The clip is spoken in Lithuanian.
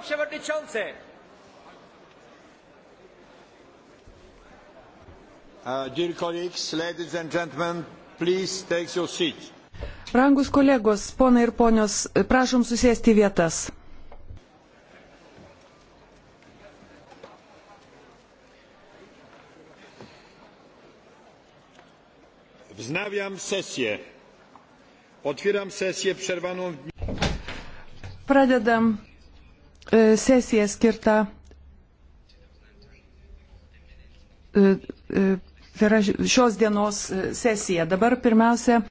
Pan Przewodniczący! Uh, dear colleagues, ladies and gentlemen, please take your seat. Rangus kolegos, ponai ir ponios, prašom susėsti vietas. Wznawiam sesję. Otwieram sesję przerwaną w dniu. Pradedam E, sesiją skirtą e, e, tai yra šios dienos sesija. Dabar pirmiausia